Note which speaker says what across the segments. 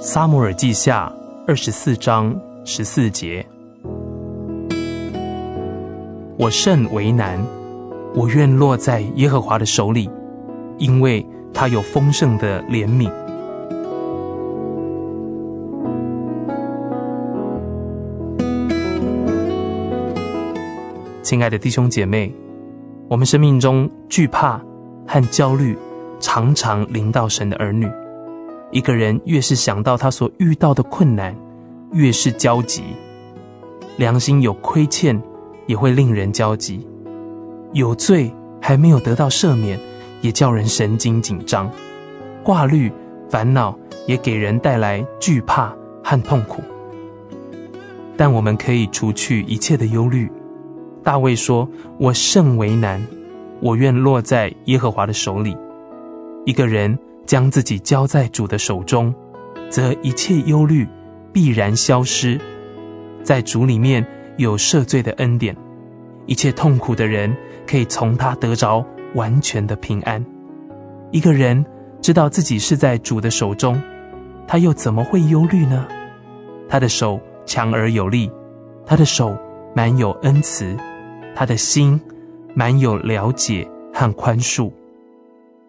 Speaker 1: 撒母耳記下二十四章十四節：“我甚為難，我願落在耶和華的手裡，因為他有豐盛的憐憫。”親愛的弟兄姐妹，我們生命中懼怕和焦慮常常臨到神的兒女。一個人越是想到他所遇到的困難，越是焦急；良心有虧欠，也會令人焦急；有罪還沒有得到赦免，也叫人神經緊張；掛慮、煩惱也給人帶來懼怕和痛苦。但我們可以除去一切的憂慮。大衛說：“我甚為難，我願落在耶和華的手裡。”一個人。將自己交在主的手中，則一切憂慮必然消失。在主裡面有赦罪的恩典，一切痛苦的人可以從他得着完全的平安。一個人知道自己是在主的手中，他又怎麼會憂慮呢？他的手強而有力，他的手滿有恩慈，他的心滿有了解和寬恕。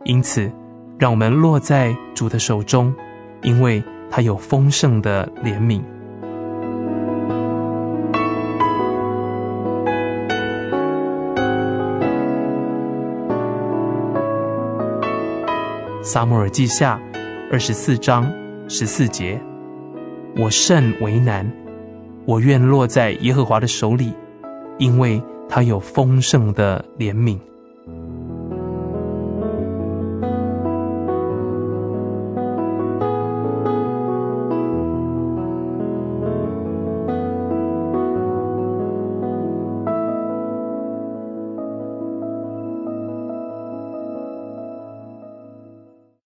Speaker 1: 因此，讓我們落在主的手中，因為他有豐盛的憐憫。撒母耳記下二十四章十四節：我甚為難，我願落在耶和華的手裡，因為他有豐盛的憐憫。